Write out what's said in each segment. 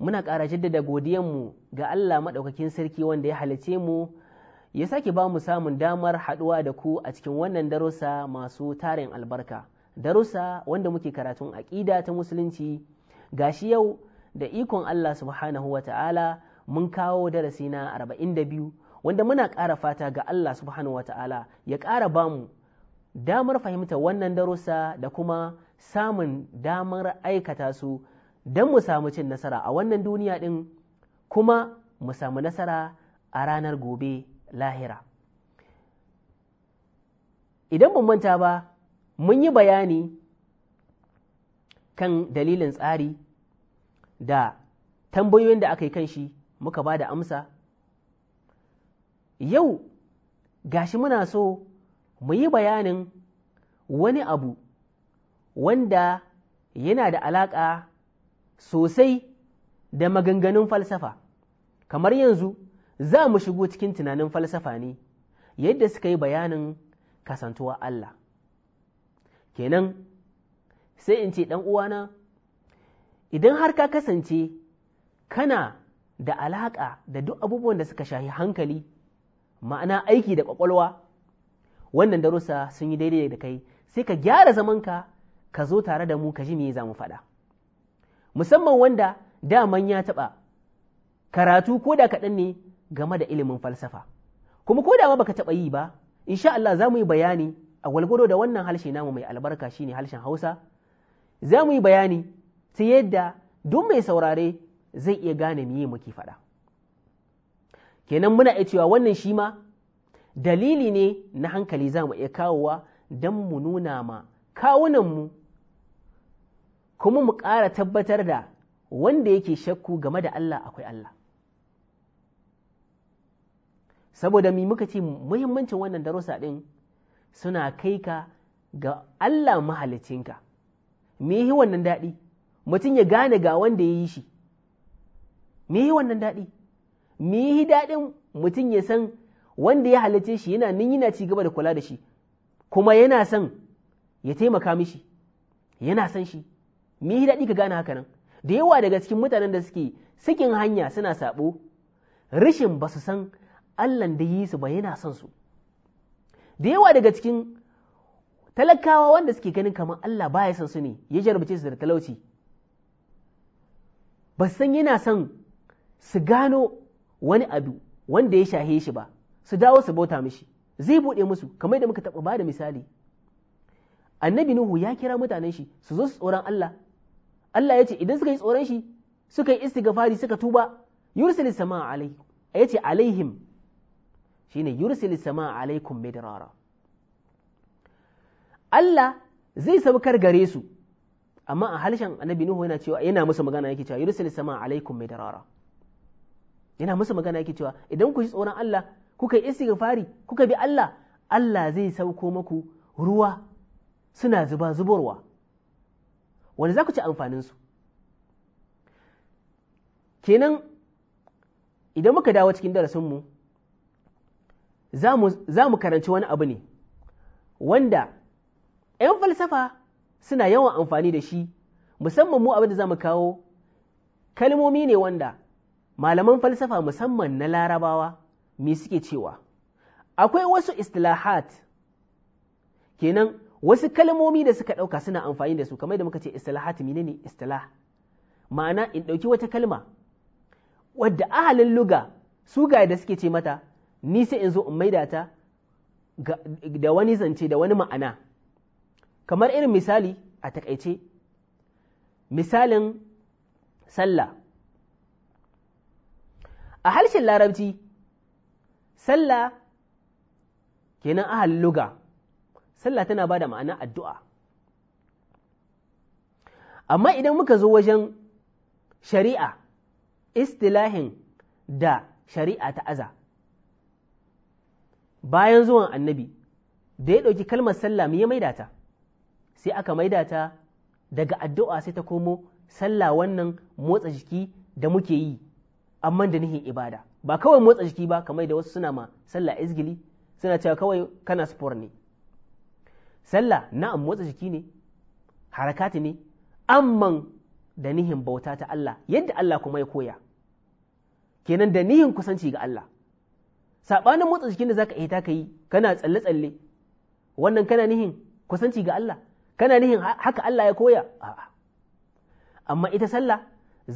muna ƙara jaddada godiyanmu ga Allah maɗaukakin sarki wanda ya halice mu ya sake ba mu samun damar haɗuwa da ku a cikin wannan darussa masu tarin albarka darussa wanda muke karatun aƙida ta musulunci Ga shi yau da ikon Allah subhanahu wa ta'ala mun kawo darasi na 42 wanda muna ƙara fata ga Allah subhanahu wa ta'ala ya ƙara ba mu damar fahimta wannan darussa da kuma samun damar aikata su don mu samu cin nasara a wannan duniya ɗin kuma mu samu nasara a ranar gobe lahira idan mun manta ba mun yi bayani kan dalilin tsari da tambayoyin da aka yi kan shi muka ba da amsa yau gashi muna so mu yi bayanin wani abu wanda yana da alaƙa sosai da maganganun falsafa kamar yanzu za mu shigo cikin tunanin falsafa ne yadda suka yi bayanin kasantuwa Allah kenan sai in ce ɗan uwana idan har ka kasance kana da alaƙa da duk abubuwan da suka shahi hankali ma'ana aiki da ƙwaƙwalwa wannan darussa sun yi daidai da kai sai ka gyara zamanka ka zo tare da mu ka ji me za mu faɗa musamman wanda daman ya taɓa karatu ko da kaɗan ne game da ilimin falsafa kuma ko da ma baka taɓa yi ba insha Allah za mu yi bayani a gwalgwado da wannan harshe namu mai albarka shi ne harshen Hausa za mu yi bayani ta yadda duk mai saurare zai iya gane miye muke faɗa kenan muna iya cewa wannan shi ma dalili ne na hankali za mu iya kawowa don mu nuna ma kawunanmu kuma mu ƙara tabbatar da wanda yake shakku game da Allah akwai Allah saboda mi muka ce muhimmancin wannan darussa ɗin suna kai ka ga Allah mahalicinka me yi wannan daɗi mutum ya gane ga wanda ya yi shi me yi wannan daɗi me yi daɗin mutum ya san wanda ya halice shi yana nan yana ci gaba da kula da shi kuma yana son ya taimaka mishi yana son shi me yi daɗi ka gane haka nan da yawa daga cikin mutanen da suke sikin hanya suna saɓo rashin ba su san Allah da yi su ba yana son su da yawa daga cikin talakawa wanda suke ganin kamar allah baya son su ne ya jarbace su da talauci ba su san yana son su gano wani abu wanda ya shahe shi ba su dawo su bauta mishi zai buɗe musu kamar da muka taɓa ba da misali annabi nuhu ya kira mutanen shi su zo su tsoron allah Allah ya ce idan suka yi tsoron shi suka yi istighfari suka tuba yursilis sama alai ya ce alaihim shine yursilis sama alaikum midrara Allah zai saukar gare su amma a halshen annabi Nuhu yana cewa yana musu magana yake cewa yursilis sama alaikum midrara yana musu magana yake cewa idan ku ji tsoron Allah kuka yi istighfari kuka bi Allah Allah zai sauko maku ruwa suna zuba zubarwa. Wani za ku ci amfaninsu kenan idan muka dawo cikin darasinmu za mu karanci wani abu ne wanda 'yan falsafa suna yawan amfani da shi musamman mu abin da za mu kawo kalmomi ne wanda malaman falsafa musamman na larabawa me suke cewa akwai wasu istilahat kenan wasu kalmomi da suka ɗauka suna amfani da su kamar da muka ce istilahat menene istilah ma'ana in ɗauki wata kalma wadda ahalin luga su ga da suke ce mata ni sai in zo in maida ta da wani zance da wani ma'ana kamar irin misali a takaice misalin sallah a harshen larabci sallah kenan ahalin luga sallah tana ba da ma'ana addu'a amma idan muka zo wajen shari'a istilahin da shari'a ta aza bayan zuwan annabi da ya ɗauki kalmar sallah mu ya maida ta sai aka maida ta daga addu'a sai ta komo sallah wannan motsa jiki da muke yi amma da nihin ibada ba kawai motsa jiki ba kamar da wasu suna ma sallah izgili suna cewa kawai kana sport ne sallah na'am motsa jiki ne harakati ne amman da nihin bauta ta Allah yadda Allah kuma ya koya kenan da nihin kusanci ga Allah saɓanin motsa jikin da zaka iya ta kai kana tsalle tsalle wannan kana nihin kusanci ga Allah kana nihin haka Allah ya koya a'a amma ita sallah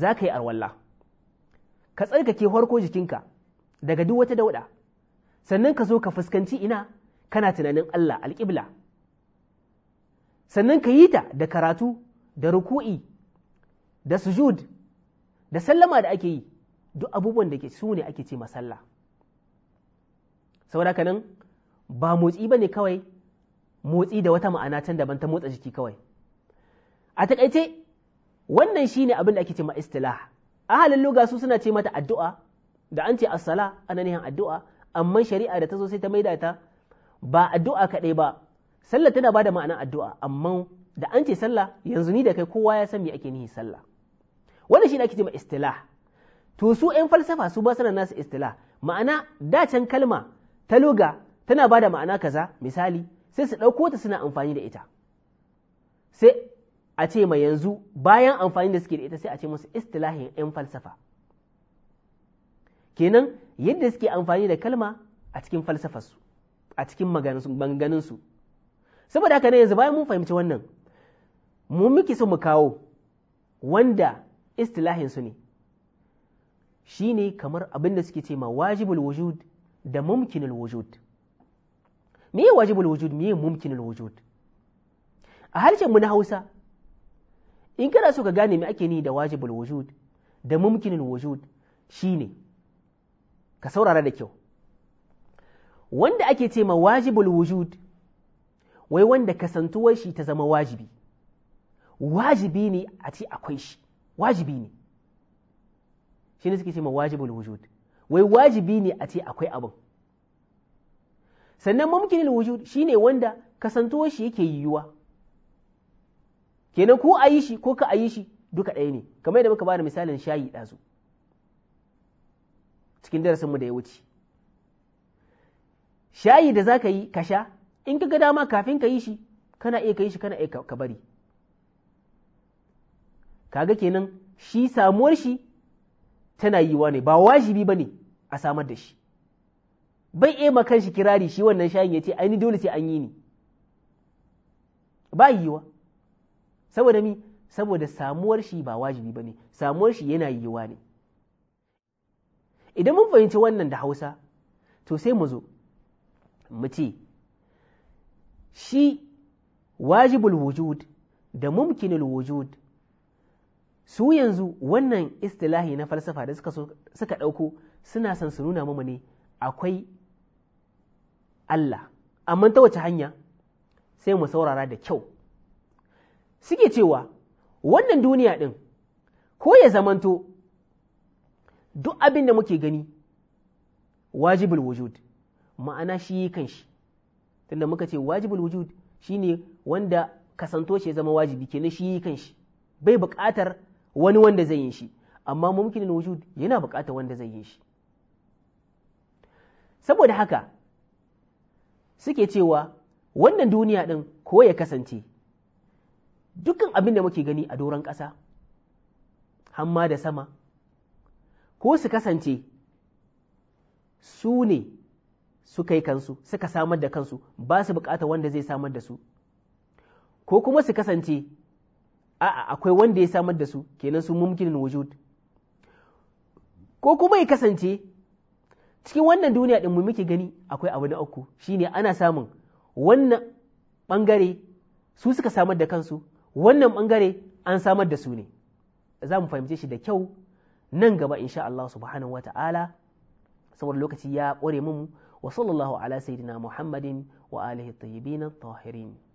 za ka yi arwalla ka tsarkake farko jikinka daga duk wata da dauda sannan ka zo ka fuskanci ina kana tunanin Allah alƙibla sannan ka yi ta da karatu da ruku'i da sujud da sallama da ake yi duk abubuwan da ke su ne ake ce masalla saboda kanan ba motsi ba ne kawai motsi da wata ma'ana can daban ta motsa jiki kawai a takaice wannan ne abin da ake ce ma istilah ahalin luga su suna ce mata addu'a da an ce as-sala ana nihin addu'a amma shari'a da ta zo sai ta maida ta ba addu'a kaɗai ba sallah tana bada ma'anar addu'a amma da an ce sallah yanzu ni da kai kowa ya san me ake nihi sallah wannan shi ake cewa istilah to su ‘yan falsafa su ba sanar nasu istilah ma'ana dacen kalma ta loga tana bada ma'ana kaza misali sai su ɗauko ta suna amfani da ita sai a ce ma yanzu bayan amfani da suke da ita sai a ce musu istilahin ‘yan falsafa kenan yadda suke amfani da kalma a cikin falsafarsu a cikin maganganunsu saboda haka ne yanzu bayan mun fahimci wannan mu muke so mu kawo wanda istilahin su ne shine kamar abinda da suke ce ma wajibul wujud da mumkinul wujud me wajibul wujud me mumkinul wujud a harshen mu na Hausa in kana so ka gane me ake ni da wajibul wujud da mumkinul wujud shine ka saurara da kyau wanda ake ce ma wajibul wujud wai wanda kasantuwar shi ta zama wajibi wajibi ne a ce akwai shi wajibi ne shi ne suke ce ma wajibul wujud wai wajibi ne a ce akwai abin sannan mumkinil wujud ne wanda kasantuwar shi yake yiwuwa kenan ko a yi shi ko ka a yi shi duka ɗaya ne kamar yadda muka bada misalin shayi ɗazu cikin darasinmu da ya wuce shayi da za ka yi ka sha in ka ga dama kafin ka yi shi kana iya ka yi shi kana iya ka bari kaga kenan shi samuwar shi tana yiwa ne ba wajibi ba ne a samar da shi bai iya makan shi kirari shi wannan shayin ya ce ni dole sai an yi ni ba yiwa saboda mi saboda samuwar shi ba wajibi ba ne samuwar shi yana yiwa ne idan mun fahimci wannan da hausa to sai mu zo mu ce shi wajibul wujud da mumkinul wujud su yanzu wannan istilahi na falsafa da suka ɗauko suna son su nuna mamu ne akwai Allah amma ta wace hanya sai mu saurara da kyau suke cewa wannan duniya ɗin ko ya zamanto duk abin da muke gani wajibul wujud ma'ana shi yi kanshi tunda muka ce wajibul wujud shine wanda kasanto shi zama wajibi kenan shi kan shi bai buƙatar wani wanda zai yi shi amma mumkinin wujud yana buƙatar wanda zai yi shi saboda haka suke cewa wannan duniya ɗin ko ya kasance dukkan abin da muke gani a doron ƙasa hamma da sama ko su kasance su ne suka yi kansu suka samar da kansu ba su bukata wanda zai samar da su ko kuma su kasance a'a akwai wanda ya samar da su kenan su mumkinin wujud ko kuma ya kasance cikin wannan duniya din mu muke gani akwai abu na uku shine ana samun wannan bangare su suka samar da kansu wannan bangare an samar da su ne za mu fahimce shi da kyau nan gaba insha Allah subhanahu wata'ala saboda lokaci ya ƙware mu wa sallallahu ala sayyidina muhammadin wa alihi tayyibin tahirin